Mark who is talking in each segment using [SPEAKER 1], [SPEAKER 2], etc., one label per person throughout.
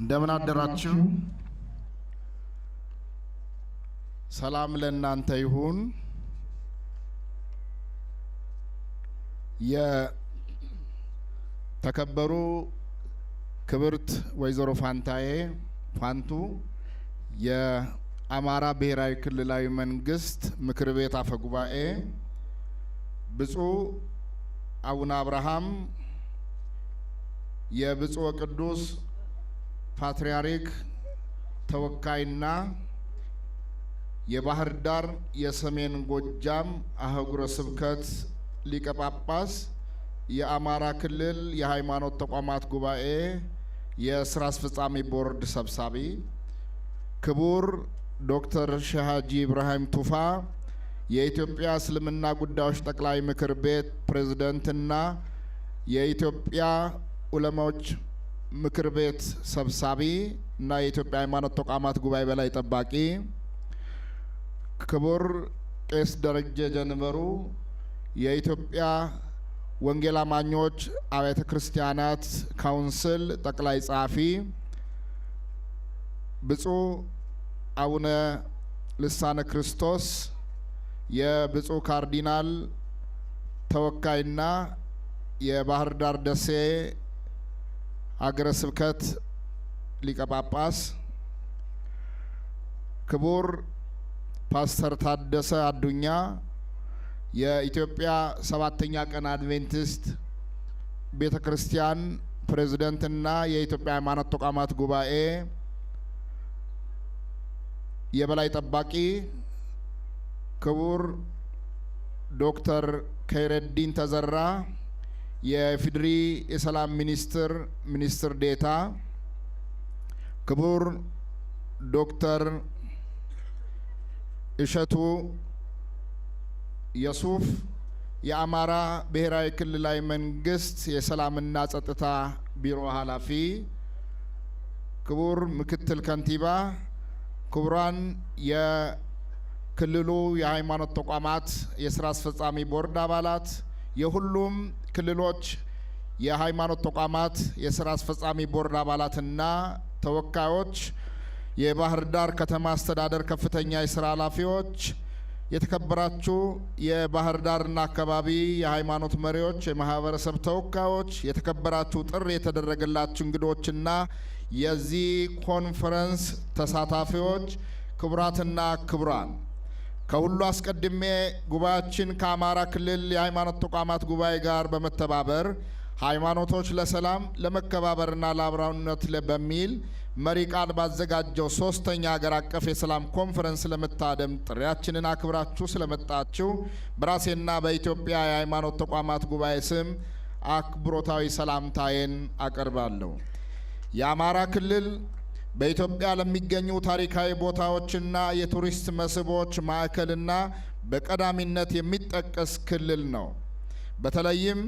[SPEAKER 1] እንደምን አደራችሁ። ሰላም ለእናንተ ይሁን። የተከበሩ ክብርት ወይዘሮ ፋንታዬ ፋንቱ የአማራ ብሔራዊ ክልላዊ መንግስት ምክር ቤት አፈ ጉባኤ፣ ብፁዕ አቡነ አብርሃም የብፁዕ ቅዱስ ፓትርያርክ ተወካይና የባህር ዳር የሰሜን ጎጃም አህጉረ ስብከት ሊቀ ጳጳስ፣ የአማራ ክልል የሃይማኖት ተቋማት ጉባኤ የስራ አስፈጻሚ ቦርድ ሰብሳቢ፣ ክቡር ዶክተር ሸሃጂ ኢብራሂም ቱፋ የኢትዮጵያ እስልምና ጉዳዮች ጠቅላይ ምክር ቤት ፕሬዝደንትና የኢትዮጵያ ዑለማዎች ምክር ቤት ሰብሳቢ እና የኢትዮጵያ ሃይማኖት ተቋማት ጉባኤ በላይ ጠባቂ ክቡር ቄስ ደረጀ ጀንበሩ የኢትዮጵያ ወንጌል አማኞች አብያተ ክርስቲያናት ካውንስል ጠቅላይ ጸሐፊ ብፁዕ አቡነ ልሳነ ክርስቶስ የብፁዕ ካርዲናል ተወካይና የባህር ዳር ደሴ ሀገረ ስብከት ሊቀ ጳጳስ ክቡር ፓስተር ታደሰ አዱኛ የኢትዮጵያ ሰባተኛ ቀን አድቬንቲስት ቤተ ክርስቲያን ፕሬዝደንትና የኢትዮጵያ ሃይማኖት ተቋማት ጉባኤ የበላይ ጠባቂ ክቡር ዶክተር ከይረዲን ተዘራ የኢፌዴሪ የሰላም ሚኒስትር ሚኒስትር ዴታ ክቡር ዶክተር እሸቱ የሱፍ የአማራ ብሔራዊ ክልላዊ መንግስት የሰላምና ጸጥታ ቢሮ ኃላፊ፣ ክቡር ምክትል ከንቲባ፣ ክቡራን የክልሉ የሃይማኖት ተቋማት የስራ አስፈጻሚ ቦርድ አባላት፣ የሁሉም ክልሎች የሃይማኖት ተቋማት የስራ አስፈጻሚ ቦርድ አባላትና ተወካዮች፣ የባህር ዳር ከተማ አስተዳደር ከፍተኛ የስራ ኃላፊዎች፣ የተከበራችሁ የባህር ዳርና አካባቢ የሃይማኖት መሪዎች፣ የማህበረሰብ ተወካዮች፣ የተከበራችሁ ጥሪ የተደረገላችሁ እንግዶችና የዚህ ኮንፈረንስ ተሳታፊዎች ክቡራትና ክቡራን ከሁሉ አስቀድሜ ጉባኤያችን ከአማራ ክልል የሃይማኖት ተቋማት ጉባኤ ጋር በመተባበር ሃይማኖቶች ለሰላም ለመከባበርና ለአብራውነት በሚል መሪ ቃል ባዘጋጀው ሶስተኛ ሀገር አቀፍ የሰላም ኮንፈረንስ ለመታደም ጥሪያችንን አክብራችሁ ስለመጣችሁ በራሴና በኢትዮጵያ የሃይማኖት ተቋማት ጉባኤ ስም አክብሮታዊ ሰላምታዬን አቀርባለሁ። የአማራ ክልል በኢትዮጵያ ለሚገኙ ታሪካዊ ቦታዎችና የቱሪስት መስህቦች ማዕከልና በቀዳሚነት የሚጠቀስ ክልል ነው። በተለይም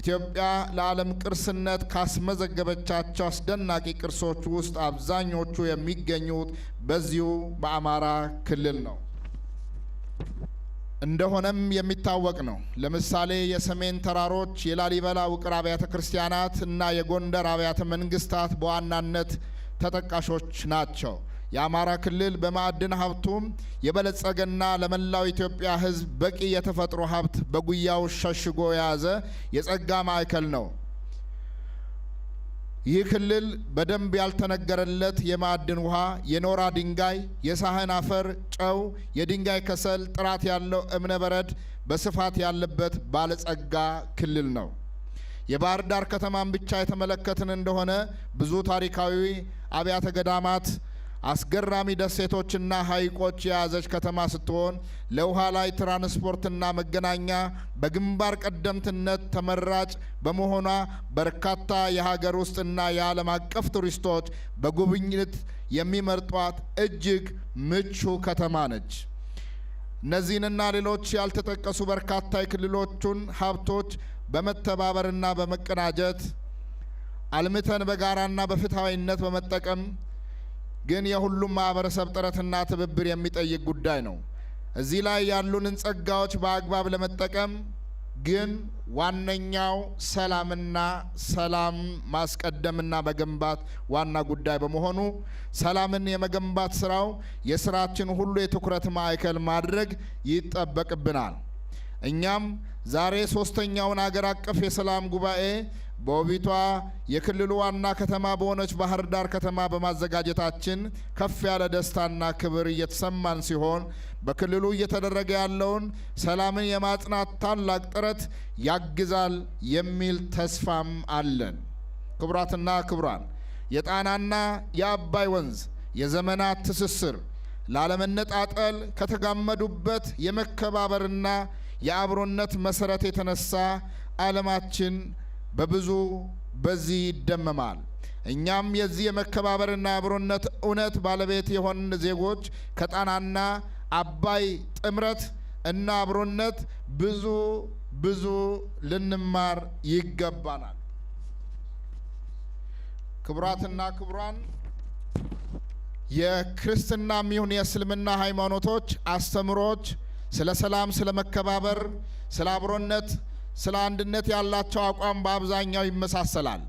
[SPEAKER 1] ኢትዮጵያ ለዓለም ቅርስነት ካስመዘገበቻቸው አስደናቂ ቅርሶች ውስጥ አብዛኞቹ የሚገኙት በዚሁ በአማራ ክልል ነው እንደሆነም የሚታወቅ ነው። ለምሳሌ የሰሜን ተራሮች፣ የላሊበላ ውቅር አብያተ ክርስቲያናት እና የጎንደር አብያተ መንግስታት በዋናነት ተጠቃሾች ናቸው። የአማራ ክልል በማዕድን ሀብቱም የበለጸገና ለመላው ኢትዮጵያ ሕዝብ በቂ የተፈጥሮ ሀብት በጉያው ሸሽጎ የያዘ የጸጋ ማዕከል ነው። ይህ ክልል በደንብ ያልተነገረለት የማዕድን ውሃ፣ የኖራ ድንጋይ፣ የሳህን አፈር፣ ጨው፣ የድንጋይ ከሰል ጥራት ያለው እብነ በረድ በስፋት ያለበት ባለጸጋ ክልል ነው። የባህር ዳር ከተማን ብቻ የተመለከትን እንደሆነ ብዙ ታሪካዊ አብያተ ገዳማት አስገራሚ ደሴቶችና ሐይቆች የያዘች ከተማ ስትሆን ለውሃ ላይ ትራንስፖርትና መገናኛ በግንባር ቀደምትነት ተመራጭ በመሆኗ በርካታ የሀገር ውስጥና የዓለም አቀፍ ቱሪስቶች በጉብኝት የሚመርጧት እጅግ ምቹ ከተማ ነች። እነዚህንና ሌሎች ያልተጠቀሱ በርካታ የክልሎቹን ሀብቶች በመተባበርና በመቀናጀት አልምተን በጋራና በፍትሐዊነት በመጠቀም ግን የሁሉም ማህበረሰብ ጥረትና ትብብር የሚጠይቅ ጉዳይ ነው። እዚህ ላይ ያሉንን ጸጋዎች በአግባብ ለመጠቀም ግን ዋነኛው ሰላምና ሰላም ማስቀደምና መገንባት ዋና ጉዳይ በመሆኑ ሰላምን የመገንባት ስራው የስራችን ሁሉ የትኩረት ማዕከል ማድረግ ይጠበቅብናል። እኛም ዛሬ ሶስተኛውን አገር አቀፍ የሰላም ጉባኤ በውቢቷ የክልሉ ዋና ከተማ በሆነች ባህር ዳር ከተማ በማዘጋጀታችን ከፍ ያለ ደስታና ክብር እየተሰማን ሲሆን በክልሉ እየተደረገ ያለውን ሰላምን የማጽናት ታላቅ ጥረት ያግዛል የሚል ተስፋም አለን። ክቡራትና ክቡራን፣ የጣናና የአባይ ወንዝ የዘመናት ትስስር ላለመነጣጠል ከተጋመዱበት የመከባበርና የአብሮነት መሰረት የተነሳ ዓለማችን በብዙ በዚህ ይደመማል። እኛም የዚህ የመከባበርና አብሮነት እውነት ባለቤት የሆን ዜጎች ከጣናና አባይ ጥምረት እና አብሮነት ብዙ ብዙ ልንማር ይገባናል። ክቡራትና ክቡራን የክርስትናም ይሁን የእስልምና ሃይማኖቶች አስተምሮች ስለ ሰላም፣ ስለ መከባበር፣ ስለ አብሮነት፣ ስለ አንድነት ያላቸው አቋም በአብዛኛው ይመሳሰላል።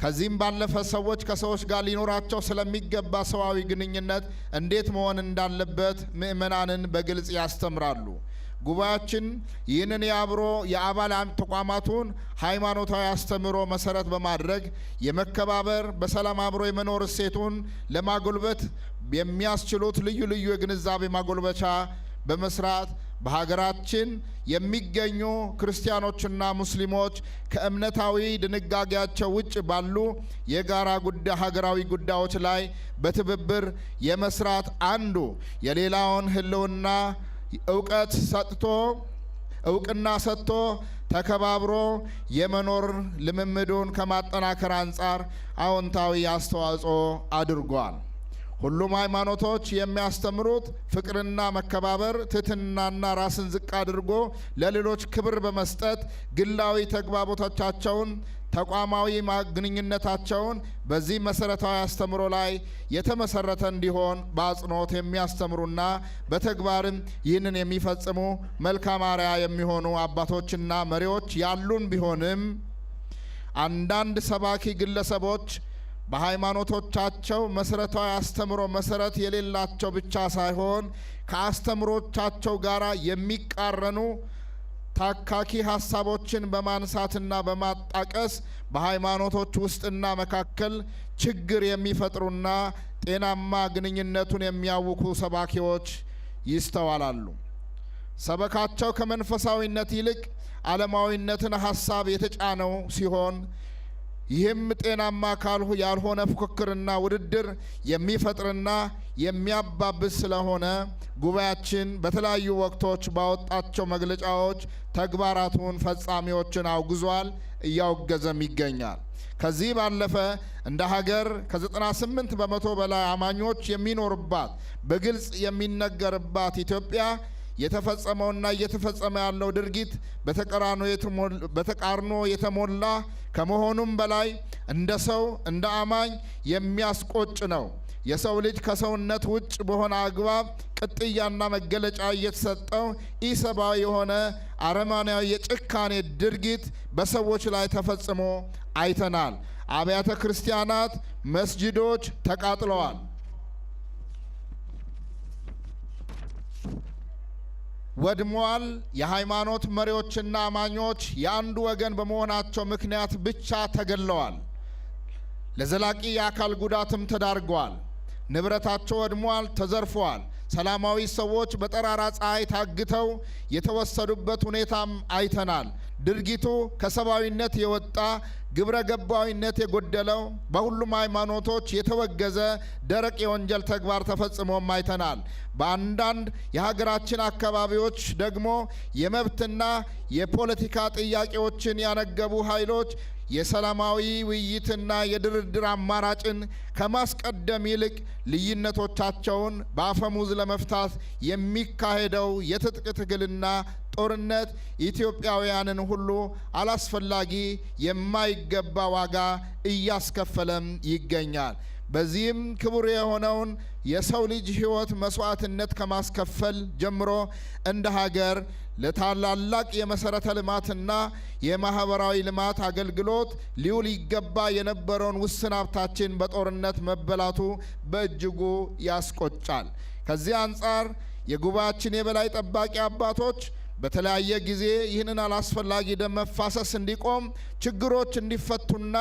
[SPEAKER 1] ከዚህም ባለፈ ሰዎች ከሰዎች ጋር ሊኖራቸው ስለሚገባ ሰዋዊ ግንኙነት እንዴት መሆን እንዳለበት ምእመናንን በግልጽ ያስተምራሉ። ጉባኤያችን ይህንን የአብሮ የአባል ተቋማቱን ሃይማኖታዊ አስተምህሮ መሰረት በማድረግ የመከባበር በሰላም አብሮ የመኖር እሴቱን ለማጎልበት የሚያስችሉት ልዩ ልዩ የግንዛቤ ማጎልበቻ በመስራት በሀገራችን የሚገኙ ክርስቲያኖችና ሙስሊሞች ከእምነታዊ ድንጋጌያቸው ውጭ ባሉ የጋራ ጉዳይ ሀገራዊ ጉዳዮች ላይ በትብብር የመስራት አንዱ የሌላውን ህልውና እውቀት ሰጥቶ እውቅና ሰጥቶ ተከባብሮ የመኖር ልምምዱን ከማጠናከር አንጻር አዎንታዊ አስተዋጽኦ አድርጓል። ሁሉም ሃይማኖቶች የሚያስተምሩት ፍቅርና መከባበር፣ ትህትናና ራስን ዝቅ አድርጎ ለሌሎች ክብር በመስጠት ግላዊ ተግባቦቶቻቸውን ተቋማዊ ግንኙነታቸውን በዚህ መሰረታዊ አስተምሮ ላይ የተመሰረተ እንዲሆን በአጽንኦት የሚያስተምሩና በተግባርም ይህንን የሚፈጽሙ መልካም አርአያ የሚሆኑ አባቶችና መሪዎች ያሉን ቢሆንም አንዳንድ ሰባኪ ግለሰቦች በሃይማኖቶቻቸው መሰረታዊ አስተምሮ መሰረት የሌላቸው ብቻ ሳይሆን ከአስተምሮቻቸው ጋር የሚቃረኑ ታካኪ ሀሳቦችን በማንሳትና በማጣቀስ በሃይማኖቶች ውስጥና መካከል ችግር የሚፈጥሩና ጤናማ ግንኙነቱን የሚያውኩ ሰባኪዎች ይስተዋላሉ። ሰበካቸው ከመንፈሳዊነት ይልቅ ዓለማዊነትን ሀሳብ የተጫነው ሲሆን ይህም ጤናማ ካልሁ ያልሆነ ፉክክርና ውድድር የሚፈጥርና የሚያባብስ ስለሆነ ጉባኤያችን በተለያዩ ወቅቶች ባወጣቸው መግለጫዎች ተግባራቱን ፈጻሚዎችን አውግዟል፣ እያወገዘም ይገኛል። ከዚህ ባለፈ እንደ ሀገር ከ98 በመቶ በላይ አማኞች የሚኖርባት በግልጽ የሚነገርባት ኢትዮጵያ የተፈጸመውና እየተፈጸመ ያለው ድርጊት በተቃርኖ የተሞላ ከመሆኑም በላይ እንደ ሰው እንደ አማኝ የሚያስቆጭ ነው። የሰው ልጅ ከሰውነት ውጭ በሆነ አግባብ ቅጥያና መገለጫ እየተሰጠው ኢሰብአዊ የሆነ አረማናዊ የጭካኔ ድርጊት በሰዎች ላይ ተፈጽሞ አይተናል። አብያተ ክርስቲያናት፣ መስጂዶች ተቃጥለዋል። ወድመዋል። የሃይማኖት መሪዎችና አማኞች የአንዱ ወገን በመሆናቸው ምክንያት ብቻ ተገለዋል። ለዘላቂ የአካል ጉዳትም ተዳርገዋል። ንብረታቸው ወድሟል፣ ተዘርፈዋል። ሰላማዊ ሰዎች በጠራራ ፀሐይ ታግተው የተወሰዱበት ሁኔታም አይተናል። ድርጊቱ ከሰብአዊነት የወጣ ግብረ ገባዊነት የጎደለው በሁሉም ሃይማኖቶች የተወገዘ ደረቅ የወንጀል ተግባር ተፈጽሞም አይተናል። በአንዳንድ የሀገራችን አካባቢዎች ደግሞ የመብትና የፖለቲካ ጥያቄዎችን ያነገቡ ኃይሎች የሰላማዊ ውይይትና የድርድር አማራጭን ከማስቀደም ይልቅ ልዩነቶቻቸውን በአፈሙዝ ለመፍታት የሚካሄደው የትጥቅ ትግልና ጦርነት ኢትዮጵያውያንን ሁሉ አላስፈላጊ የማይገባ ዋጋ እያስከፈለም ይገኛል። በዚህም ክቡር የሆነውን የሰው ልጅ ሕይወት መስዋዕትነት ከማስከፈል ጀምሮ እንደ ሀገር ለታላላቅ የመሰረተ ልማትና የማህበራዊ ልማት አገልግሎት ሊውል ይገባ የነበረውን ውስን ሀብታችን በጦርነት መበላቱ በእጅጉ ያስቆጫል። ከዚህ አንጻር የጉባኤያችን የበላይ ጠባቂ አባቶች በተለያየ ጊዜ ይህንን አላስፈላጊ ደም መፋሰስ እንዲቆም፣ ችግሮች እንዲፈቱና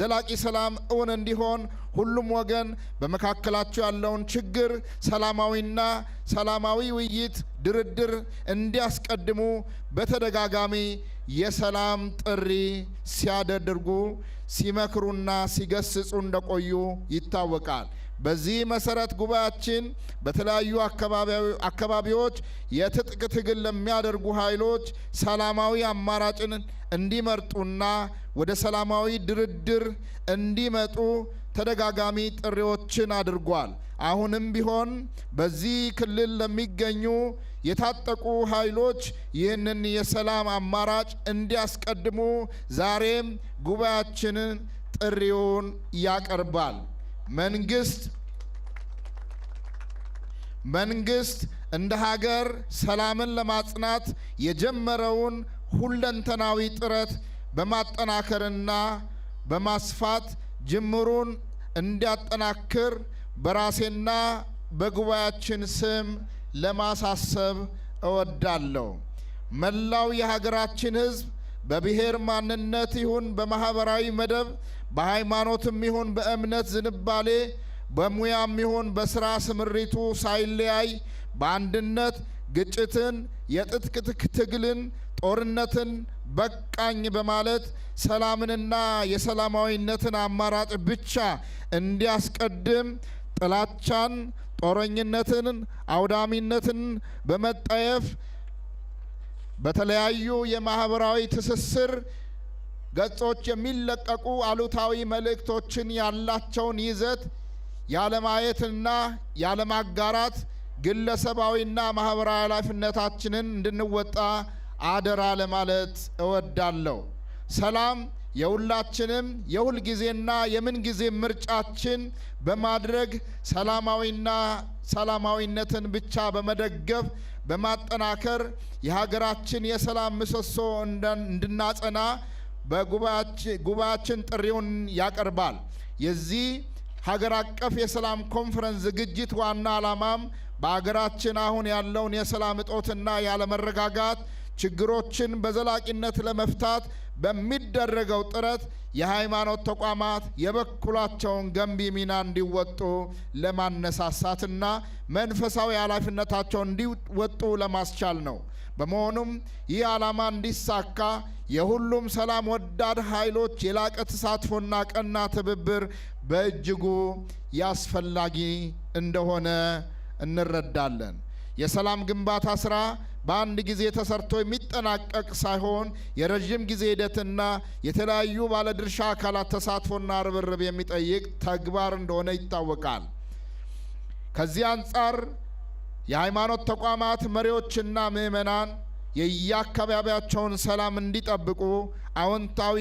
[SPEAKER 1] ዘላቂ ሰላም እውን እንዲሆን ሁሉም ወገን በመካከላቸው ያለውን ችግር ሰላማዊና ሰላማዊ ውይይት ድርድር እንዲያስቀድሙ በተደጋጋሚ የሰላም ጥሪ ሲያደርጉ ሲመክሩና ሲገስጹ እንደቆዩ ይታወቃል። በዚህ መሰረት ጉባኤያችን በተለያዩ አካባቢዎች የትጥቅ ትግል ለሚያደርጉ ኃይሎች ሰላማዊ አማራጭን እንዲመርጡና ወደ ሰላማዊ ድርድር እንዲመጡ ተደጋጋሚ ጥሪዎችን አድርጓል። አሁንም ቢሆን በዚህ ክልል ለሚገኙ የታጠቁ ኃይሎች ይህንን የሰላም አማራጭ እንዲያስቀድሙ ዛሬም ጉባኤያችንን ጥሪውን ያቀርባል። መንግስት መንግስት እንደ ሀገር ሰላምን ለማጽናት የጀመረውን ሁለንተናዊ ጥረት በማጠናከርና በማስፋት ጅምሩን እንዲያጠናክር በራሴና በጉባኤያችን ስም ለማሳሰብ እወዳለሁ። መላው የሀገራችን ሕዝብ በብሔር ማንነት ይሁን በማህበራዊ መደብ በሃይማኖትም ይሁን በእምነት ዝንባሌ በሙያም ይሁን በስራ ስምሪቱ ሳይለያይ በአንድነት ግጭትን፣ የትጥቅ ትግልን፣ ጦርነትን በቃኝ በማለት ሰላምንና የሰላማዊነትን አማራጭ ብቻ እንዲያስቀድም ጥላቻን፣ ጦረኝነትን፣ አውዳሚነትን በመጠየፍ በተለያዩ የማህበራዊ ትስስር ገጾች የሚለቀቁ አሉታዊ መልእክቶችን ያላቸውን ይዘት ያለማየትና ያለማጋራት ግለሰባዊና ማህበራዊ ኃላፊነታችንን እንድንወጣ አደራ ለማለት እወዳለሁ። ሰላም የሁላችንም የሁልጊዜና የምንጊዜ ምርጫችን በማድረግ ሰላማዊና ሰላማዊነትን ብቻ በመደገፍ በማጠናከር የሀገራችን የሰላም ምሰሶ እንድናጸና በጉባኤያችን ጥሪውን ያቀርባል። የዚህ ሀገር አቀፍ የሰላም ኮንፈረንስ ዝግጅት ዋና ዓላማም በሀገራችን አሁን ያለውን የሰላም እጦትና ያለመረጋጋት ችግሮችን በዘላቂነት ለመፍታት በሚደረገው ጥረት የሃይማኖት ተቋማት የበኩላቸውን ገንቢ ሚና እንዲወጡ ለማነሳሳትና መንፈሳዊ ኃላፊነታቸውን እንዲወጡ ለማስቻል ነው። በመሆኑም ይህ ዓላማ እንዲሳካ የሁሉም ሰላም ወዳድ ኃይሎች የላቀ ተሳትፎና ቀና ትብብር በእጅጉ ያስፈላጊ እንደሆነ እንረዳለን። የሰላም ግንባታ ስራ በአንድ ጊዜ ተሰርቶ የሚጠናቀቅ ሳይሆን የረዥም ጊዜ ሂደትና የተለያዩ ባለድርሻ አካላት ተሳትፎና ርብርብ የሚጠይቅ ተግባር እንደሆነ ይታወቃል። ከዚህ አንጻር የሃይማኖት ተቋማት መሪዎችና ምእመናን የየአካባቢያቸውን ሰላም እንዲጠብቁ አዎንታዊ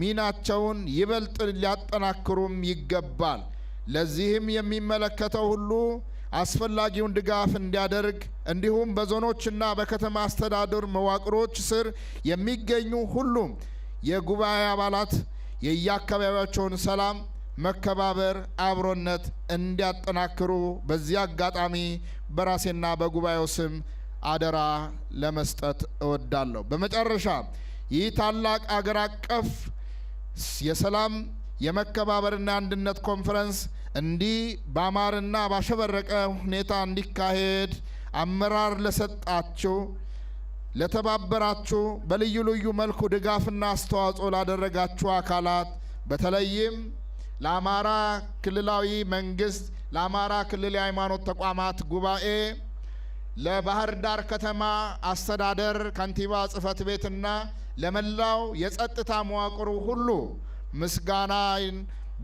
[SPEAKER 1] ሚናቸውን ይበልጥ ሊያጠናክሩም ይገባል። ለዚህም የሚመለከተው ሁሉ አስፈላጊውን ድጋፍ እንዲያደርግ እንዲሁም በዞኖችና በከተማ አስተዳደር መዋቅሮች ስር የሚገኙ ሁሉም የጉባኤ አባላት የየአካባቢያቸውን ሰላም፣ መከባበር፣ አብሮነት እንዲያጠናክሩ በዚህ አጋጣሚ በራሴና በጉባኤው ስም አደራ ለመስጠት እወዳለሁ። በመጨረሻ ይህ ታላቅ አገር አቀፍ የሰላም የመከባበርና አንድነት ኮንፈረንስ እንዲህ በአማረና ባሸበረቀ ሁኔታ እንዲካሄድ አመራር ለሰጣችሁ ለተባበራችሁ በልዩ ልዩ መልኩ ድጋፍና አስተዋጽኦ ላደረጋችሁ አካላት በተለይም ለአማራ ክልላዊ መንግስት፣ ለአማራ ክልል የሃይማኖት ተቋማት ጉባኤ፣ ለባህር ዳር ከተማ አስተዳደር ከንቲባ ጽህፈት ቤትና ለመላው የጸጥታ መዋቅሩ ሁሉ ምስጋናን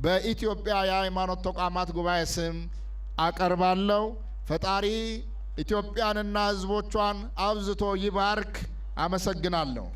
[SPEAKER 1] በኢትዮጵያ የሃይማኖት ተቋማት ጉባኤ ስም አቀርባለሁ። ፈጣሪ ኢትዮጵያንና ሕዝቦቿን አብዝቶ ይባርክ። አመሰግናለሁ።